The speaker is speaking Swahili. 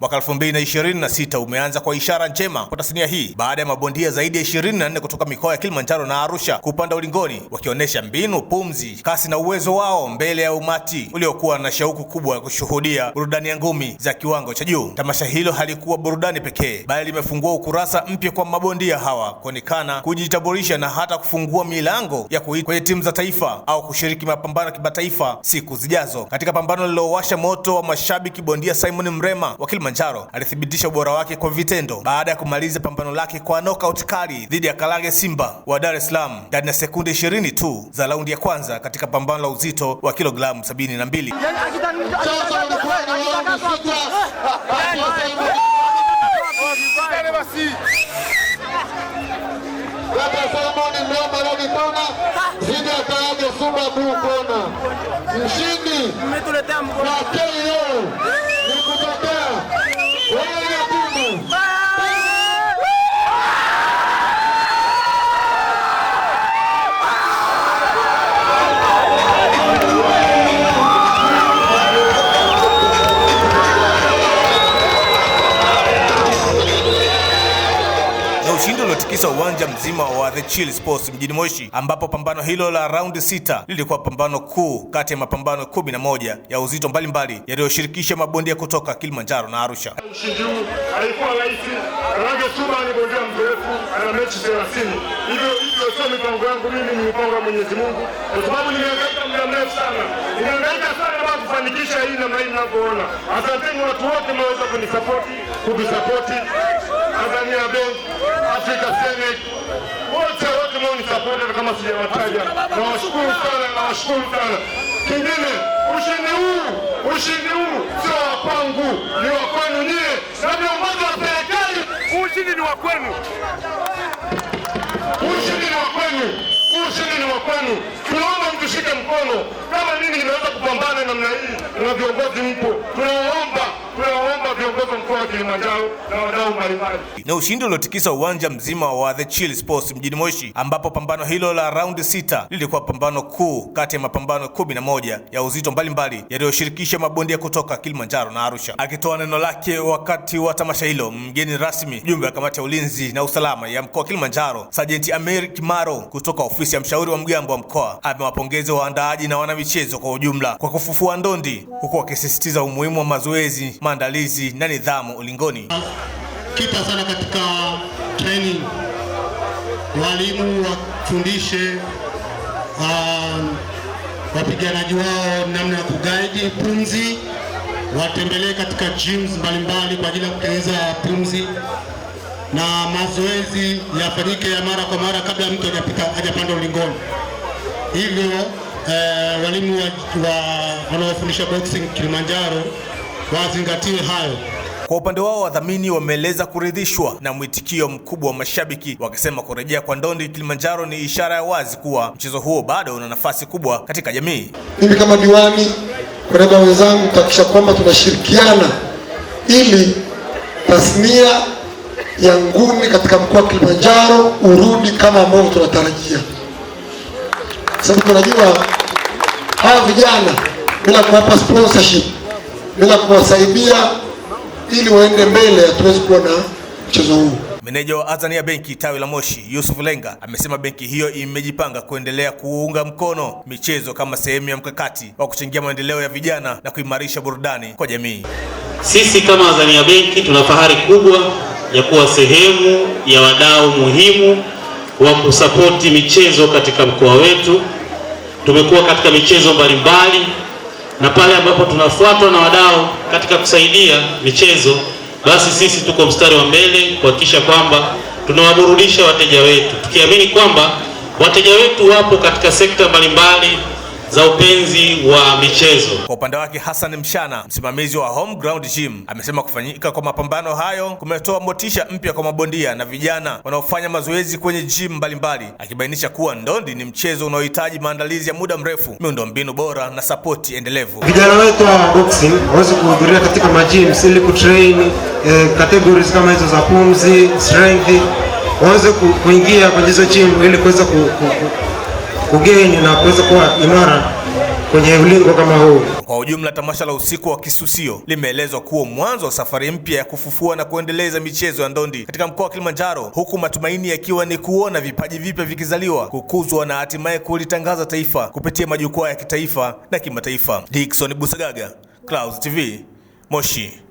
Mwaka 2026 umeanza kwa ishara njema kwa tasnia hii baada ya mabondia zaidi ya 24 kutoka mikoa ya Kilimanjaro na Arusha kupanda ulingoni wakionyesha mbinu, pumzi, kasi na uwezo wao mbele ya umati uliokuwa na shauku kubwa ya kushuhudia burudani ya ngumi za kiwango cha juu. Tamasha hilo halikuwa burudani pekee, bali limefungua ukurasa mpya kwa mabondia hawa kuonekana, kujitambulisha na hata kufungua milango ya kuitwa kwenye timu za taifa au kushiriki mapambano ya kimataifa siku zijazo. Katika pambano lililowasha moto wa mashabiki, bondia Simon Mrema Kilimanjaro alithibitisha ubora wake kwa vitendo baada ya kumaliza pambano lake kwa knockout kali dhidi ya Kalage Simba wa Dar es Salaam ndani ya sekunde 20 tu za raundi ya kwanza katika pambano la uzito wa kilogramu 72. Mshindi katika uwanja mzima wa The Chill Sports mjini Moshi, ambapo pambano hilo la raundi sita lilikuwa pambano kuu kati ya mapambano kumi na moja ya uzito mbalimbali yaliyoshirikisha mabondia kutoka Kilimanjaro na Arusha. Ushindi huu haikuwa rahisi. range Suba ni bondia mzoefu, ana mechi 30. Hivyo hivyo sio mipango yangu mimi, ni mipango ya Mwenyezi Mungu, kwa sababu nimeangaika muda mrefu sana, nimeangaika sana kwa kufanikisha hii namna hii mnavyoona. Asanteni watu wote mnaweza kunisapoti, kuvisapoti Tanzania Bank, Africa Senate, wote wote mnaonisapoti kama sijawataja, nawashukuru sana, nawashukuru sana. Kingine, ushindi huu, ushindi huu sio wa pangu, ni wa kwenu nyie na viongozi wa serikali. Ushindi ni wa kwenu, ushindi ni wa kwenu, ushindi ni wa kwenu. Tunaomba mtushike mkono, kama nini inaweza kupambana namna hii na viongozi mpo, tunaomba tunawaomba viongozi mkoa wa Kilimanjaro na wadau mbalimbali. Na ushindi uliotikisa uwanja mzima wa The Chill Sports mjini Moshi, ambapo pambano hilo la raundi sita lilikuwa pambano kuu kati ya mapambano kumi na moja ya uzito mbalimbali yaliyoshirikisha mabondia kutoka Kilimanjaro na Arusha. Akitoa neno lake wakati wa tamasha hilo, mgeni rasmi mjumbe wa kamati ya ulinzi na usalama ya mkoa wa Kilimanjaro, Sajenti Amir Kimaro kutoka ofisi ya mshauri wa mgambo wa mkoa, amewapongeza waandaaji na wanamichezo kwa ujumla kwa kufufua ndondi, huku wakisisitiza umuhimu wa mazoezi maandalizi na nidhamu ulingoni. Kita sana katika training, walimu wafundishe um, wapiganaji wao namna ya kugaidi pumzi, watembelee katika gyms mbalimbali kwa ajili ya kutengeneza pumzi na mazoezi yafanyike ya mara kwa mara kabla mtu hajapanda ulingoni. Hivyo eh, walimu wanaofundisha wa, boxing Kilimanjaro wazingatie hayo. Kwa upande wao wadhamini wameeleza kuridhishwa na mwitikio mkubwa wa mashabiki wakisema kurejea kwa ndondi Kilimanjaro ni ishara ya wazi kuwa mchezo huo bado una nafasi kubwa katika jamii. Mimi kama diwani, kwa wenzangu, kuhakikisha kwamba tunashirikiana ili tasnia ya ngumi katika mkoa wa Kilimanjaro urudi kama ambavyo tunatarajia, sababu tunajua hawa vijana bila kuwapa sponsorship bila kuwasaidia ili waende mbele, hatuwezi kuwa na mchezo huu. Meneja wa Azania Benki tawi la Moshi, Yusuf Lenga, amesema benki hiyo imejipanga kuendelea kuunga mkono michezo kama sehemu ya mkakati wa kuchangia maendeleo ya vijana na kuimarisha burudani kwa jamii. Sisi kama Azania Benki tuna fahari kubwa ya kuwa sehemu ya wadau muhimu wa kusapoti michezo katika mkoa wetu. Tumekuwa katika michezo mbalimbali na pale ambapo tunafuatwa na wadau katika kusaidia michezo, basi sisi tuko mstari wa mbele kuhakikisha kwamba tunawaburudisha wateja wetu, tukiamini kwamba wateja wetu wapo katika sekta mbalimbali za upenzi wa michezo. Kwa upande wake, Hassan Mshana, msimamizi wa Home Ground Gym, amesema kufanyika kwa mapambano hayo kumetoa motisha mpya kwa mabondia na vijana wanaofanya mazoezi kwenye gym mbalimbali, akibainisha kuwa ndondi ni mchezo unaohitaji maandalizi ya muda mrefu, miundombinu bora na sapoti endelevu. Vijana wetu wa boxing waweze kuhudhuria katika majim ili kutrain eh, categories kama hizo za pumzi, strength, waweze kuingia kwenye hizo gym ili kuweza ku, ku, ku ugeni na kuweza kuwa imara kwenye ulingo kama huu. Kwa ujumla, tamasha la usiku wa kisusio limeelezwa kuwa mwanzo wa safari mpya ya kufufua na kuendeleza michezo ya ndondi katika mkoa wa Kilimanjaro, huku matumaini yakiwa ni kuona vipaji vipya vikizaliwa, kukuzwa na hatimaye kulitangaza taifa kupitia majukwaa ya kitaifa na kimataifa. Dickson Busagaga, Clouds TV, Moshi.